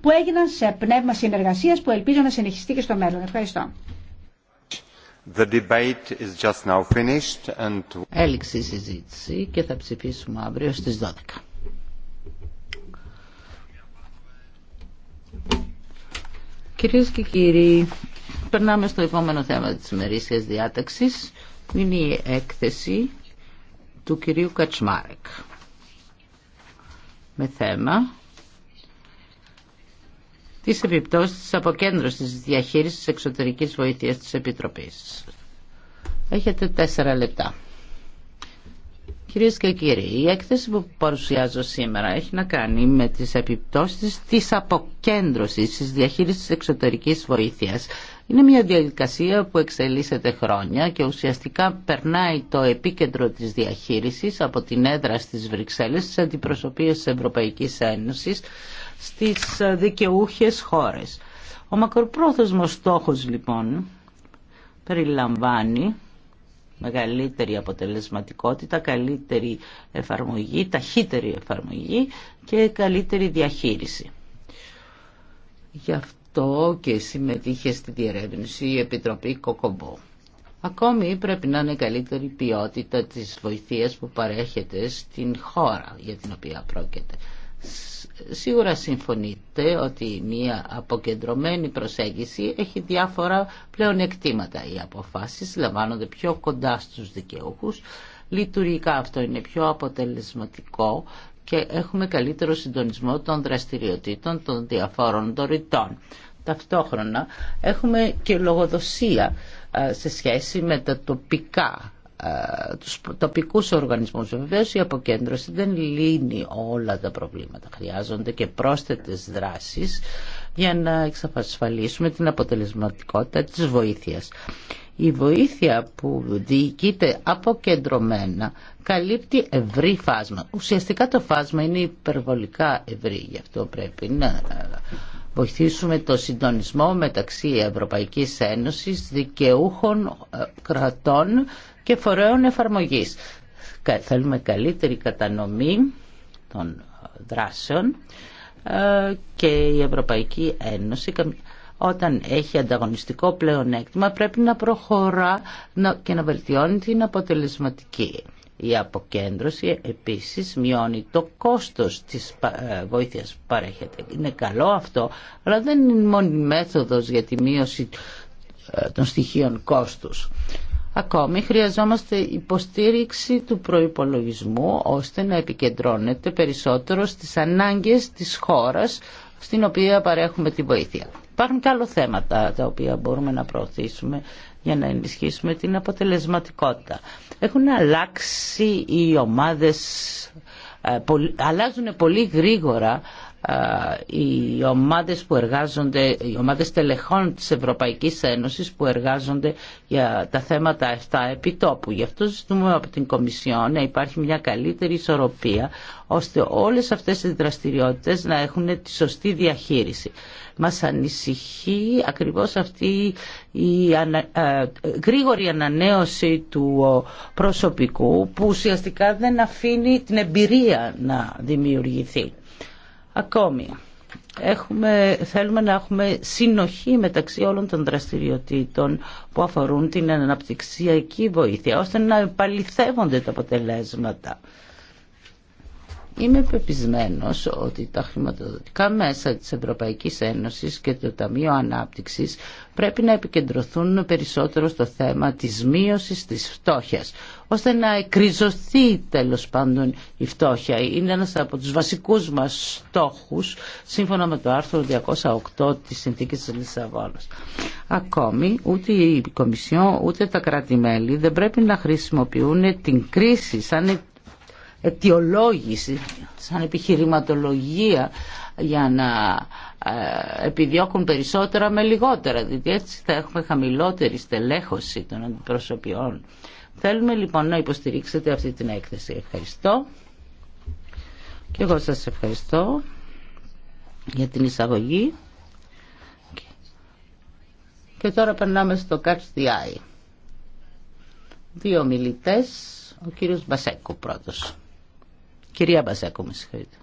που έγιναν σε πνεύμα συνεργασία που ελπίζω να συνεχιστεί και στο μέλλον. Ευχαριστώ. The Έληξε η συζήτηση και θα ψηφίσουμε αύριο στις 12. Κυρίες και κύριοι, περνάμε στο επόμενο θέμα της ημερήσιας διάταξης. Είναι η έκθεση του κυρίου Κατσμάρεκ με θέμα τις επιπτώσεις της αποκέντρωσης της διαχείρισης εξωτερικής βοήθειας της Επιτροπής. Έχετε τέσσερα λεπτά. Κυρίες και κύριοι, η έκθεση που παρουσιάζω σήμερα έχει να κάνει με τις επιπτώσεις της αποκέντρωσης της διαχείρισης εξωτερικής βοήθειας. Είναι μια διαδικασία που εξελίσσεται χρόνια και ουσιαστικά περνάει το επίκεντρο της διαχείρισης από την έδρα στις Βρυξέλλες στις αντιπροσωπείες της Ευρωπαϊκής Ένωση στις δικαιούχες χώρες. Ο μακροπρόθεσμος στόχος λοιπόν περιλαμβάνει μεγαλύτερη αποτελεσματικότητα, καλύτερη εφαρμογή, ταχύτερη εφαρμογή και καλύτερη διαχείριση. Γι' αυτό και συμμετείχε στη διερεύνηση η Επιτροπή Κοκομπό. Ακόμη πρέπει να είναι καλύτερη ποιότητα της βοηθείας που παρέχεται στην χώρα για την οποία πρόκειται. Σίγουρα συμφωνείτε ότι μια αποκεντρωμένη προσέγγιση έχει διάφορα πλέον εκτήματα. Οι αποφάσεις λαμβάνονται πιο κοντά στους δικαιούχους. Λειτουργικά αυτό είναι πιο αποτελεσματικό και έχουμε καλύτερο συντονισμό των δραστηριοτήτων των διαφόρων δωρητών. Ταυτόχρονα έχουμε και λογοδοσία ε, σε σχέση με τα τοπικά ε, τους τοπικούς οργανισμούς. Βεβαίω η αποκέντρωση δεν λύνει όλα τα προβλήματα. Χρειάζονται και πρόσθετες δράσεις για να εξασφαλίσουμε την αποτελεσματικότητα της βοήθειας. Η βοήθεια που διοικείται αποκεντρωμένα καλύπτει ευρύ φάσμα. Ουσιαστικά το φάσμα είναι υπερβολικά ευρύ, γι' αυτό πρέπει να βοηθήσουμε το συντονισμό μεταξύ Ευρωπαϊκής Ένωσης, δικαιούχων ε, κρατών και φορέων εφαρμογής. Θέλουμε καλύτερη κατανομή των ε, δράσεων ε, και η Ευρωπαϊκή Ένωση όταν έχει ανταγωνιστικό πλεονέκτημα πρέπει να προχωρά και να βελτιώνει την αποτελεσματική η αποκέντρωση επίσης μειώνει το κόστος της ε, βοήθειας που παρέχεται. Είναι καλό αυτό, αλλά δεν είναι η μέθοδος για τη μείωση ε, των στοιχείων κόστους. Ακόμη χρειαζόμαστε υποστήριξη του προϋπολογισμού ώστε να επικεντρώνεται περισσότερο στις ανάγκες της χώρας στην οποία παρέχουμε τη βοήθεια. Υπάρχουν και άλλα θέματα τα οποία μπορούμε να προωθήσουμε για να ενισχύσουμε την αποτελεσματικότητα. Έχουν αλλάξει οι ομάδες, ε, αλλάζουν πολύ γρήγορα οι ομάδες που εργάζονται, οι ομάδες τελεχών της Ευρωπαϊκής Ένωσης που εργάζονται για τα θέματα αυτά επιτόπου. Γι' αυτό ζητούμε από την Κομισιόν να υπάρχει μια καλύτερη ισορροπία ώστε όλες αυτές οι δραστηριότητες να έχουν τη σωστή διαχείριση. Μας ανησυχεί ακριβώς αυτή η γρήγορη ανανέωση του προσωπικού που ουσιαστικά δεν αφήνει την εμπειρία να δημιουργηθεί. Ακόμη, έχουμε, θέλουμε να έχουμε συνοχή μεταξύ όλων των δραστηριοτήτων που αφορούν την αναπτυξιακή βοήθεια, ώστε να επαληθεύονται τα αποτελέσματα. Είμαι πεπισμένος ότι τα χρηματοδοτικά μέσα της Ευρωπαϊκής Ένωσης και το Ταμείο Ανάπτυξης πρέπει να επικεντρωθούν περισσότερο στο θέμα της μείωσης της φτώχειας, ώστε να εκκριζωθεί τέλος πάντων η φτώχεια. Είναι ένας από τους βασικούς μας στόχους, σύμφωνα με το άρθρο 208 της Συνθήκης της Λισαβόνας. Ακόμη, ούτε η Κομισιόν, ούτε τα κράτη-μέλη δεν πρέπει να χρησιμοποιούν την κρίση σαν αιτιολόγηση, σαν επιχειρηματολογία για να ε, επιδιώκουν περισσότερα με λιγότερα, διότι έτσι θα έχουμε χαμηλότερη στελέχωση των αντιπροσωπιών. Θέλουμε λοιπόν να υποστηρίξετε αυτή την έκθεση. Ευχαριστώ. Και εγώ σας ευχαριστώ για την εισαγωγή. Και τώρα περνάμε στο Catch the Eye. Δύο μιλητές, ο κύριος Μπασέκου πρώτος. Κυρία Μπαζέκο, με συγχωρείτε.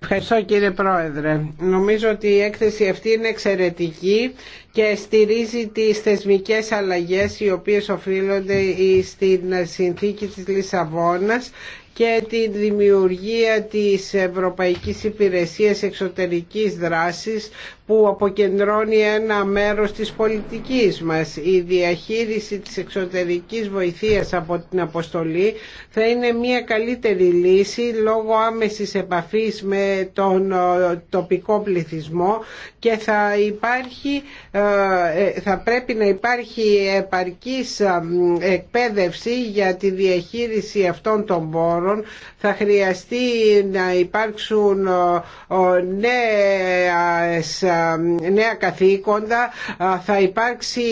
Ευχαριστώ κύριε Πρόεδρε. Νομίζω ότι η έκθεση αυτή είναι εξαιρετική και στηρίζει τις θεσμικές αλλαγές οι οποίες οφείλονται στην συνθήκη της Λισαβόνας και τη δημιουργία της Ευρωπαϊκής Υπηρεσίας Εξωτερικής Δράσης που αποκεντρώνει ένα μέρος της πολιτικής μας. Η διαχείριση της εξωτερικής βοηθείας από την αποστολή θα είναι μια καλύτερη λύση λόγω άμεσης επαφής με τον ε, τοπικό πληθυσμό και θα, υπάρχει, ε, ε, θα πρέπει να υπάρχει επαρκής εκπαίδευση για τη διαχείριση αυτών των πόρων. Θα χρειαστεί να υπάρξουν νέες νέα καθήκοντα, θα υπάρξει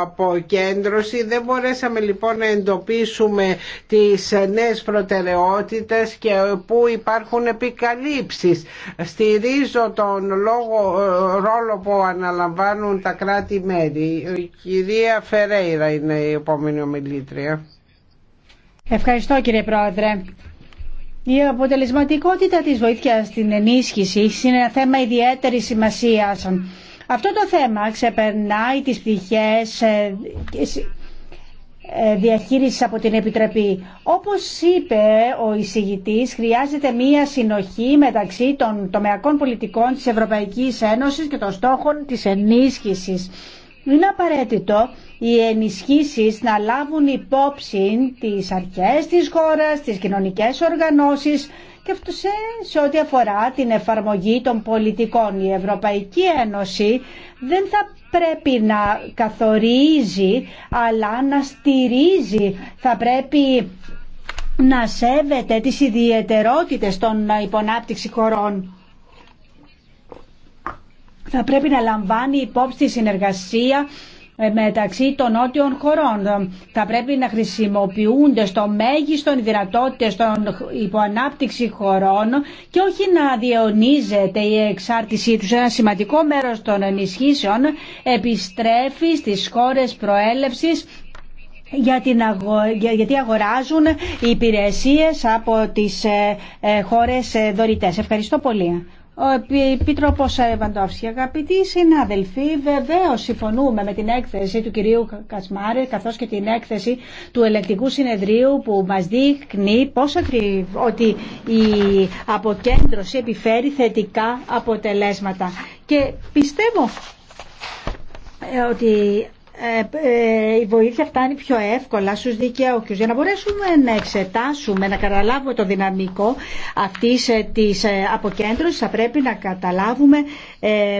αποκέντρωση. Δεν μπορέσαμε λοιπόν να εντοπίσουμε τις νέες προτεραιότητες και που υπάρχουν επικαλύψεις. Στηρίζω τον λόγο, ε, ρόλο που αναλαμβάνουν τα κράτη-μέρη. Η κυρία Φερέιρα είναι η επόμενη ομιλήτρια. Ευχαριστώ κύριε Πρόεδρε. Η αποτελεσματικότητα της βοήθειας στην ενίσχυση είναι ένα θέμα ιδιαίτερης σημασίας. Αυτό το θέμα ξεπερνάει τις πτυχές ε, ε, διαχείρισης από την Επιτροπή. Όπως είπε ο εισηγητής, χρειάζεται μία συνοχή μεταξύ των τομεακών πολιτικών της Ευρωπαϊκής Ένωσης και των στόχων της ενίσχυσης είναι απαραίτητο οι ενισχύσεις να λάβουν υπόψη τις αρχές της χώρας, τις κοινωνικές οργανώσεις και αυτό σε, ό,τι αφορά την εφαρμογή των πολιτικών. Η Ευρωπαϊκή Ένωση δεν θα πρέπει να καθορίζει αλλά να στηρίζει. Θα πρέπει να σέβεται τις ιδιαιτερότητες των υπονάπτυξη χωρών θα πρέπει να λαμβάνει υπόψη τη συνεργασία ε, μεταξύ των νότιων χωρών. Θα πρέπει να χρησιμοποιούνται στο μέγιστο οι δυνατότητες των υποανάπτυξη χωρών και όχι να διαιωνίζεται η εξάρτησή τους. Ένα σημαντικό μέρος των ενισχύσεων επιστρέφει στις χώρες προέλευσης για την γιατί αγοράζουν οι υπηρεσίες από τις ε, ε, χώρες δωρητές. Ευχαριστώ πολύ ο Επίτροπο Βαντόφσκι. Αγαπητοί συνάδελφοι, βεβαίω συμφωνούμε με την έκθεση του κυρίου Κασμάρη καθώς και την έκθεση του ελεκτικού συνεδρίου που μα δείχνει πώς ακριβώς ότι η αποκέντρωση επιφέρει θετικά αποτελέσματα. Και πιστεύω ε, ότι ε, ε, η βοήθεια φτάνει πιο εύκολα στους δικαιώκους. για να μπορέσουμε να εξετάσουμε να καταλάβουμε το δυναμικό αυτής ε, της αποκέντρωσης θα πρέπει να καταλάβουμε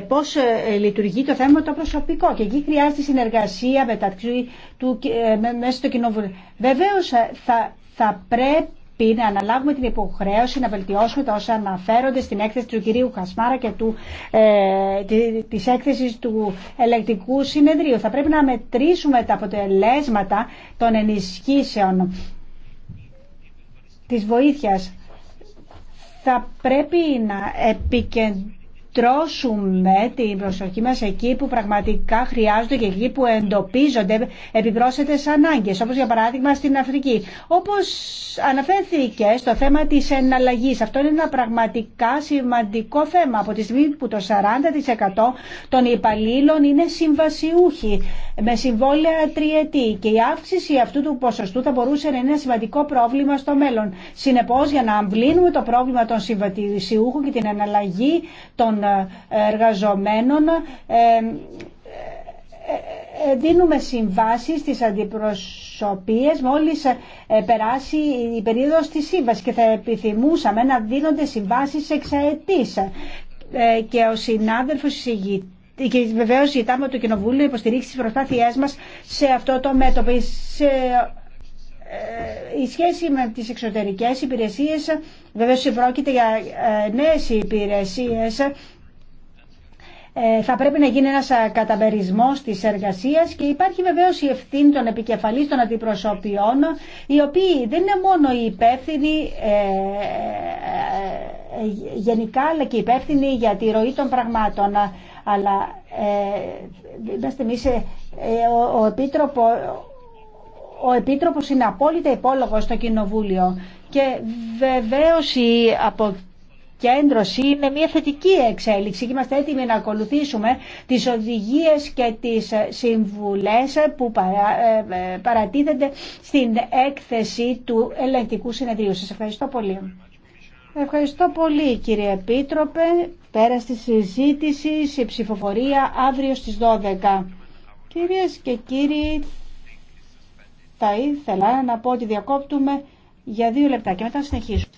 πώς λειτουργεί το θέμα το προσωπικό και εκεί χρειάζεται συνεργασία μεταξύ του, μέσα στο κοινοβούλιο. Βεβαίως θα, θα πρέπει πρέπει να αναλάβουμε την υποχρέωση να βελτιώσουμε τα όσα αναφέρονται στην έκθεση του κυρίου Χασμάρα και του, ε, της έκθεσης του ελεκτικού συνεδρίου. Θα πρέπει να μετρήσουμε τα αποτελέσματα των ενισχύσεων της βοήθειας. Θα πρέπει να επικεντρώσουμε στρώσουμε την προσοχή μας εκεί που πραγματικά χρειάζονται και εκεί που εντοπίζονται επιπρόσθετες ανάγκες, όπως για παράδειγμα στην Αφρική. Όπως αναφέρθηκε στο θέμα της εναλλαγής, αυτό είναι ένα πραγματικά σημαντικό θέμα από τη στιγμή που το 40% των υπαλλήλων είναι συμβασιούχοι με συμβόλαια τριετή και η αύξηση αυτού του ποσοστού θα μπορούσε να είναι ένα σημαντικό πρόβλημα στο μέλλον. Συνεπώς για να αμβλύνουμε το πρόβλημα των συμβατησιούχων και την εναλλαγή των εργαζομένων ε, ε, ε, δίνουμε συμβάσεις στις αντιπροσωπίες μόλις περάσει η περίοδος της σύμβασης και θα επιθυμούσαμε να δίνονται συμβάσεις εξαετής και ο συνάδελφος και βεβαίω ζητάμε το Κοινοβούλιο υποστηρίξει τι προσπάθειέ μα σε αυτό το μέτωπο. Σε, η σχέση με τις εξωτερικές υπηρεσίες, βεβαίω πρόκειται για νέε υπηρεσίε. Ε, θα πρέπει να γίνει ένας καταμερισμός της εργασίας και υπάρχει βεβαίως η ευθύνη των επικεφαλής των αντιπροσωπιών οι οποίοι δεν είναι μόνο οι υπεύθυνοι ε, ε, γενικά αλλά και υπεύθυνοι για τη ροή των πραγμάτων αλλά είμαστε εμείς ο, ο επίτροπο ο Επίτροπος είναι απόλυτα υπόλογος στο Κοινοβούλιο και βεβαίως η από κέντρωση είναι μια θετική εξέλιξη. και Είμαστε έτοιμοι να ακολουθήσουμε τις οδηγίες και τις ε, συμβουλές που ε, ε, παρατίθενται στην έκθεση του ελεγκτικού συνεδρίου. Σας ευχαριστώ πολύ. Ευχαριστώ πολύ κύριε Επίτροπε. Πέρα στη συζήτηση, σε ψηφοφορία αύριο στις 12. Κυρίες και κύριοι, θα ήθελα να πω ότι διακόπτουμε για δύο λεπτά και μετά συνεχίζουμε.